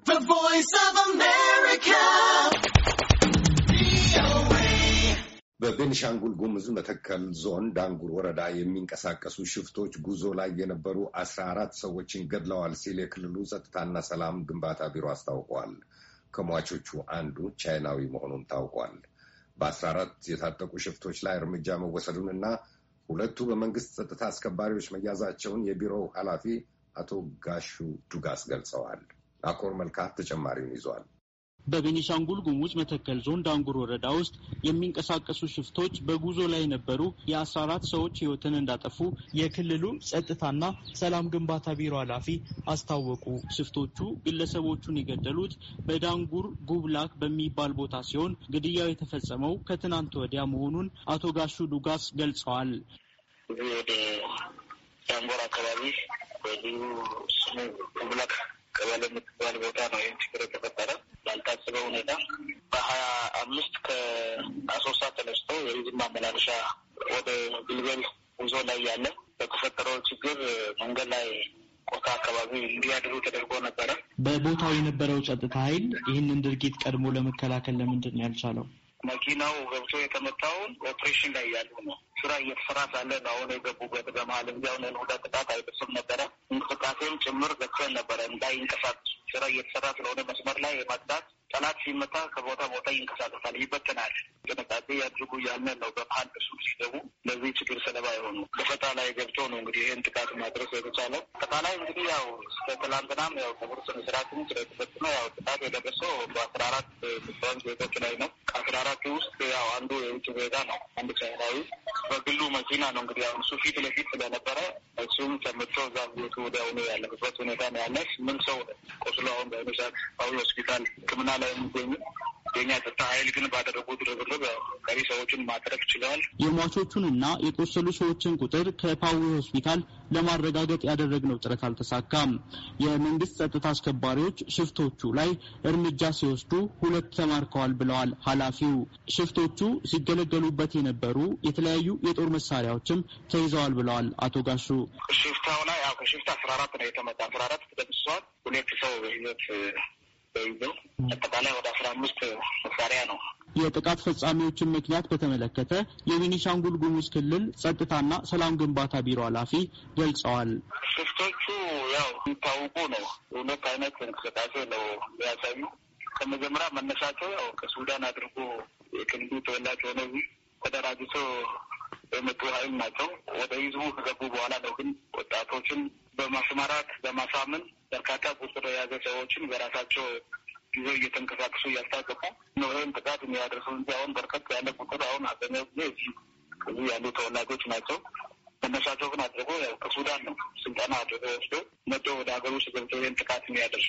The Voice of America. በቤኒሻንጉል ጉሙዝ መተከል ዞን ዳንጉር ወረዳ የሚንቀሳቀሱ ሽፍቶች ጉዞ ላይ የነበሩ አስራ አራት ሰዎችን ገድለዋል ሲል የክልሉ ጸጥታና ሰላም ግንባታ ቢሮ አስታውቋል። ከሟቾቹ አንዱ ቻይናዊ መሆኑን ታውቋል። በአስራ አራት የታጠቁ ሽፍቶች ላይ እርምጃ መወሰዱንና ሁለቱ በመንግስት ጸጥታ አስከባሪዎች መያዛቸውን የቢሮው ኃላፊ አቶ ጋሹ ዱጋስ ገልጸዋል። ናኮር መልካ ተጨማሪውን ይዟል። በቤኒሻንጉል ጉሙዝ መተከል ዞን ዳንጉር ወረዳ ውስጥ የሚንቀሳቀሱ ሽፍቶች በጉዞ ላይ የነበሩ የአስራ አራት ሰዎች ሕይወትን እንዳጠፉ የክልሉ ጸጥታና ሰላም ግንባታ ቢሮ ኃላፊ አስታወቁ። ሽፍቶቹ ግለሰቦቹን የገደሉት በዳንጉር ጉብላክ በሚባል ቦታ ሲሆን ግድያው የተፈጸመው ከትናንት ወዲያ መሆኑን አቶ ጋሹ ዱጋስ ገልጸዋል። ወደ ዳንጉር አካባቢ ስሙ ጉብላክ ቀበሌ የምትባል ቦታ ነው ይህን ችግር የተፈጠረ ባልታስበው ሁኔታ በሀያ አምስት ከአሶሳ ተነስቶ የህዝብ ማመላለሻ ወደ ግልገል ጉዞ ላይ ያለ በተፈጠረው ችግር መንገድ ላይ ቆታ አካባቢ እንዲያድሩ ተደርጎ ነበረ። በቦታው የነበረው ጸጥታ ኃይል ይህንን ድርጊት ቀድሞ ለመከላከል ለምንድን ነው ያልቻለው? መኪናው ገብቶ የተመታውን ኦፕሬሽን ላይ ያሉ ነው። ስራ እየተሰራ ሳለ ነው አሁን የገቡበት። በመሀል እንዲያሁን ለሁዳ ቅጣት አይደርስም ነበረ። እንቅስቃሴም ጭምር ገብተን ነበረ እንዳይንቀሳቀስ ስራ እየተሰራ ስለሆነ መስመር ላይ የማጽዳት ጠላት ሲመታ ከቦታ ቦታ ይንቀሳቀሳል፣ ይበተናል። ጥንቃቄ ያድርጉ ያልነ ነው። በአንድ እሱ ሲገቡ ለዚህ ችግር ሰለባ የሆኑ በፈጣ ላይ ገብቶ ነው እንግዲህ ይህን ጥቃት ማድረስ የተቻለው። አጠቃላይ እንግዲህ ያው እስከ ትላንትናም ያው ከቡርስ ምስራትን ስለተበት ነው ያው ጥቃት የደረሰው በአስራ አራት ስራን ቤቶች ላይ ነው። ከአስራ አራት ውስጥ ያው አንዱ የውጭ ዜጋ ነው። አንድ ቻይናዊ በግሉ መኪና ነው እንግዲህ አሁን እሱ ፊት ለፊት ስለነበረ እሱም ተመቶ እዛ ቤቱ ወዲያውኑ ያለበት ሁኔታ ነው ያለ። ስምንት ሰው ቆስሎ አሁን በአሁኑ ሰዓት ሆስፒታል ህክምና ላይ የሚገኙ የኛ ጸጥታ ኃይል ግን ባደረጉት ርብርብ ቀሪ ሰዎችን ማትረፍ ችለዋል። የሟቾቹንና የቆሰሉ ሰዎችን ቁጥር ከፓዊ ሆስፒታል ለማረጋገጥ ያደረግነው ጥረት አልተሳካም። የመንግስት ጸጥታ አስከባሪዎች ሽፍቶቹ ላይ እርምጃ ሲወስዱ ሁለት ተማርከዋል ብለዋል ኃላፊው። ሽፍቶቹ ሲገለገሉበት የነበሩ የተለያዩ የጦር መሳሪያዎችም ተይዘዋል ብለዋል አቶ ጋሹ። ሽፍታው ላይ ሽፍታ አስራ አራት ነው የተመጣ አስራ አራት ተጠቅሷል። ሁለት ሰው በህይወት ተይዘው አጠቃላይ ወደ አስራ አምስት መሳሪያ ነው። የጥቃት ፈጻሚዎችን ምክንያት በተመለከተ የቤኒሻንጉል ጉሙዝ ክልል ጸጥታና ሰላም ግንባታ ቢሮ ኃላፊ ገልጸዋል። ሽፍቶቹ ያው የሚታወቁ ነው። ሁለት አይነት እንቅስቃሴ ነው ያሳዩ። ከመጀመሪያ መነሻቸው ያው ከሱዳን አድርጎ የክልሉ ተወላጅ ሆነ ተደራጅቶ የመጡ ኃይል ናቸው። ወደ ህዝቡ ከገቡ በኋላ ነው ግን ወጣቶችን በማስማራት በማሳምን በርካታ ቁጥር የያዘ ሰዎችን በራሳቸው ይዘው እየተንቀሳቀሱ እያስታቀፉ ነው ይህን ጥቃት የሚያደርሱ እንጂ አሁን በርከት ያለ ቁጥር አሁን አብዛኛው ጊዜ እዚህ እዚህ ያሉ ተወላጆች ናቸው። መነሻቸው ግን አድርጎ ከሱዳን ነው ስልጠና አድርጎ ወስዶ መቶ ወደ ሀገር ውስጥ ገብቶ ይህን ጥቃት የሚያደርሱ።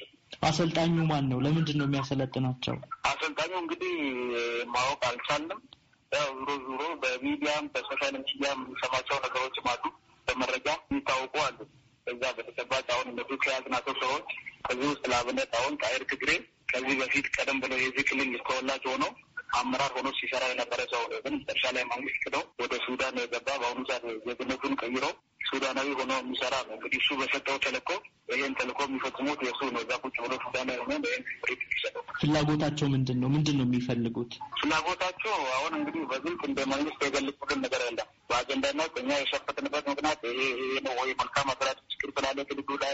አሰልጣኙ ማን ነው? ለምንድን ነው የሚያሰለጥናቸው? አሰልጣኙ እንግዲህ ማወቅ አልቻልንም። ያው ዞሮ ዞሮ በሚዲያም በሶሻል ሚዲያም የሚሰማቸው ነገሮችም አሉ፣ በመረጃ የሚታወቁ አሉ። በዛ በተጨባጭ አሁን እነዚህ ከያዝናቸው ሰዎች ከዚህ ውስጥ ለአብነት አሁን ቃይር ትግሬ ከዚህ በፊት ቀደም ብሎ የዚህ ክልል ተወላጅ ሆኖ አመራር ሆኖ ሲሰራ የነበረ ሰው ነው። ግን መጨረሻ ላይ መንግስት ክደው ወደ ሱዳን የገባ በአሁኑ ሰዓት ዜግነቱን ቀይሮ ሱዳናዊ ሆኖ የሚሰራ ነው። እንግዲህ እሱ በሰጠው ተልዕኮ ይህን ተልዕኮ የሚፈጽሙት የእሱ ነው። እዛ ቁጭ ብሎ ሱዳናዊ ሆኖ ይህን ሪት ይሰጠው። ፍላጎታቸው ምንድን ነው? ምንድን ነው የሚፈልጉት? ፍላጎታቸው አሁን እንግዲህ በግልጽ እንደ መንግስት የገለጹልን ነገር የለም። በአጀንዳነት እኛ የሸፈትንበት ምክንያት ይሄ ይሄ ነው ወይ መልካም አገራት ችግር ስላለ ክልሉ ላይ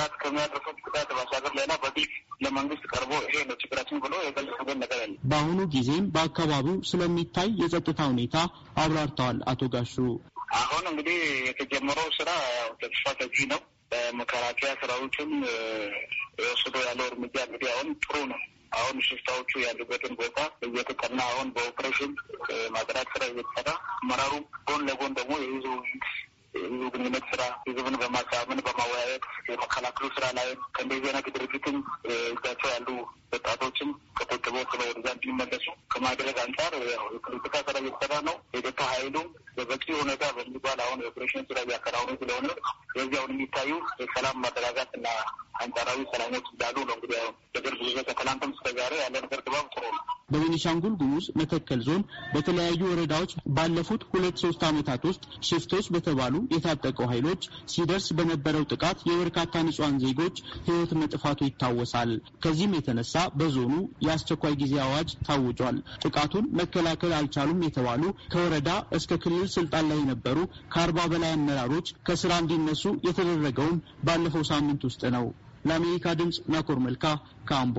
ጉዳት ከሚያደርሱት ጉዳት ባሻገር ሌላ በግልጽ ለመንግስት ቀርቦ ይሄ ነው ችግራችን ብሎ የገለጹበት ነገር ያለ በአሁኑ ጊዜም በአካባቢው ስለሚታይ የጸጥታ ሁኔታ አብራርተዋል አቶ ጋሹ። አሁን እንግዲህ የተጀመረው ስራ ተስፋ ሰጪ ነው። መከላከያ ስራዎችም የወሰዱ ያለው እርምጃ እንግዲህ አሁን ጥሩ ነው። አሁን ሽፍታዎቹ ያሉበትን ቦታ እየተጠና አሁን በኦፕሬሽን ማጥራት ስራ እየተሰራ አመራሩ ጎን ለጎን ደግሞ የህዝቡ የህዝብ ግንኙነት ስራ ህዝብን በማሳምን በማወያየት የመከላከሉ ስራ ላይ ከእንደዚህ አይነት ድርጅትም እዛቸው ያሉ ወጣቶችም ከቆጥበው ስለ ወደዛ እንዲመለሱ ከማድረግ አንጻር ፖለቲካ ስራ እየተሰራ ነው። የገታ ሀይሉ በበቂ ሁኔታ በሚባል አሁን የኦፕሬሽን ስራ እያከናወኑ ስለሆነ በዚህ አሁን የሚታዩ የሰላም መረጋጋት እና አንጻራዊ ሰላሞች እንዳሉ ነው። እንግዲህ በቅርብ ጊዜ ከትላንትም እስከ ዛሬ ያለ ነገር በቤኒሻንጉል ጉሙዝ መተከል ዞን በተለያዩ ወረዳዎች ባለፉት ሁለት ሶስት ዓመታት ውስጥ ሽፍቶች በተባሉ የታጠቀው ኃይሎች ሲደርስ በነበረው ጥቃት የበርካታ ንጹሐን ዜጎች ሕይወት መጥፋቱ ይታወሳል። ከዚህም የተነሳ በዞኑ የአስቸኳይ ጊዜ አዋጅ ታውጇል። ጥቃቱን መከላከል አልቻሉም የተባሉ ከወረዳ እስከ ክልል ስልጣን ላይ የነበሩ ከአርባ በላይ አመራሮች ከስራ እንዲነሱ የተደረገውም ባለፈው ሳምንት ውስጥ ነው። ለአሜሪካ ድምፅ ናኮር መልካ ካምቦ